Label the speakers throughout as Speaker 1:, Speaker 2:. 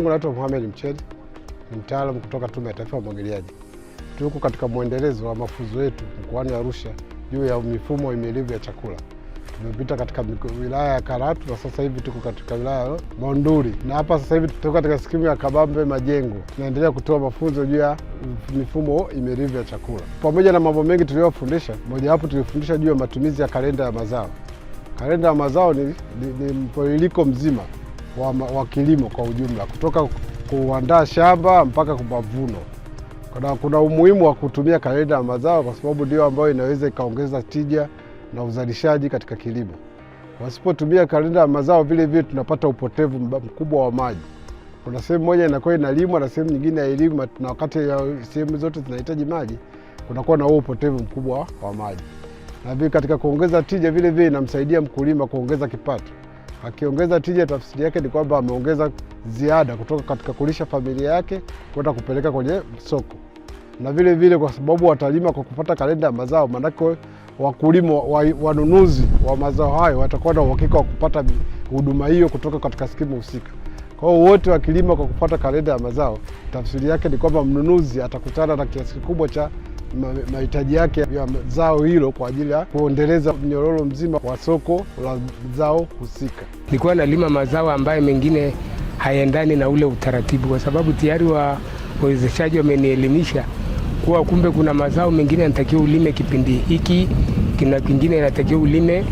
Speaker 1: langu naitwa Mohamed Mchedi, ni mtaalamu kutoka Tume ya Taifa ya Umwagiliaji. Tuko katika mwendelezo wa mafunzo yetu mkoani Arusha juu ya mifumo imelivu ya chakula. Tumepita katika wilaya ya Karatu na sasa hivi tuko katika wilaya ya Monduli, na hapa sasa hivi tuko katika skimu ya Kabambe Majengo. Tunaendelea kutoa mafunzo juu ya mifumo imelivu ya chakula. Pamoja na mambo mengi tuliyofundisha, mojawapo tulifundisha juu ya matumizi ya kalenda ya mazao. Kalenda ya mazao ni, ni, ni mzima wa, wa kilimo kwa ujumla, kutoka kuandaa shamba mpaka kumavuno. mavuno. Kuna, kuna umuhimu wa kutumia kalenda ya mazao kwa sababu ndio ambayo inaweza ikaongeza tija na uzalishaji katika kilimo. Wasipotumia kalenda ya mazao, vile vile tunapata upotevu mkubwa wa maji. Kuna sehemu moja inakuwa inalimwa na sehemu nyingine hailimwi, na wakati sehemu zote zinahitaji maji, kunakuwa na huo upotevu mkubwa wa maji. Na vile katika kuongeza tija, vile vile inamsaidia mkulima kuongeza kipato. Akiongeza tija, tafsiri yake ni kwamba ameongeza ziada kutoka katika kulisha familia yake kwenda kupeleka kwenye soko, na vile vile kwa sababu watalima kwa kupata kalenda ya mazao, maanake wakulima wa, wanunuzi wa mazao hayo watakuwa na uhakika wa kupata huduma hiyo kutoka katika skimu husika. Kwa hiyo wote wakilima kwa kupata kalenda ya mazao, tafsiri yake ni kwamba mnunuzi atakutana na kiasi kikubwa cha mahitaji yake ya zao hilo kwa ajili ya kuendeleza mnyororo mzima wa soko la zao husika.
Speaker 2: Nilikuwa nalima mazao ambayo mengine hayaendani na ule utaratibu, kwa sababu tayari wawezeshaji wamenielimisha kuwa kumbe kuna mazao mengine yanatakiwa ulime kipindi hiki, kina kingine yanatakiwa ulime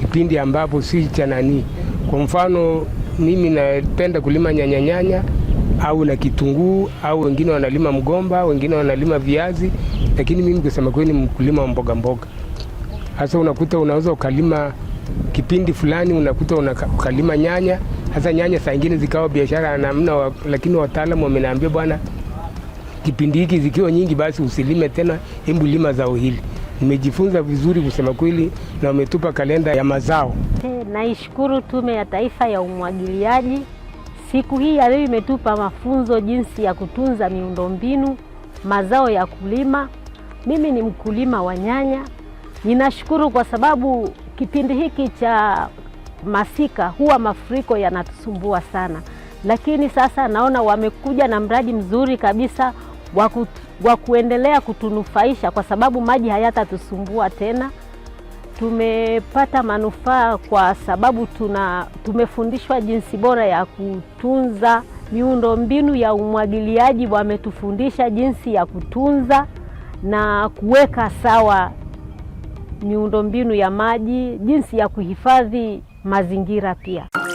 Speaker 2: kipindi ambapo si cha nani. Kwa mfano mimi napenda kulima nyanyanyanya nyanya au na kitunguu au wengine wanalima mgomba, wengine wanalima viazi, lakini mimi kusema kweli ni mkulima wa mboga mboga. Hasa unakuta unaweza ukalima kipindi fulani, unakuta unakalima nyanya, hasa nyanya saa nyingine zikawa biashara namna wa, lakini wataalamu wamenaambia bwana, kipindi hiki zikiwa nyingi, basi usilime tena, hebu lima zao hili. Nimejifunza vizuri kusema kweli, na wametupa kalenda ya mazao.
Speaker 3: Naishukuru Tume ya Taifa ya Umwagiliaji Siku hii ya leo imetupa mafunzo jinsi ya kutunza miundombinu, mazao ya kulima. Mimi ni mkulima wa nyanya. Ninashukuru kwa sababu kipindi hiki cha masika huwa mafuriko yanatusumbua sana, lakini sasa naona wamekuja na mradi mzuri kabisa wa kuendelea kutunufaisha kwa sababu maji hayatatusumbua tena tumepata manufaa kwa sababu tuna tumefundishwa jinsi bora ya kutunza miundo mbinu ya umwagiliaji, wametufundisha jinsi ya kutunza na kuweka sawa miundo mbinu ya maji, jinsi ya kuhifadhi mazingira pia.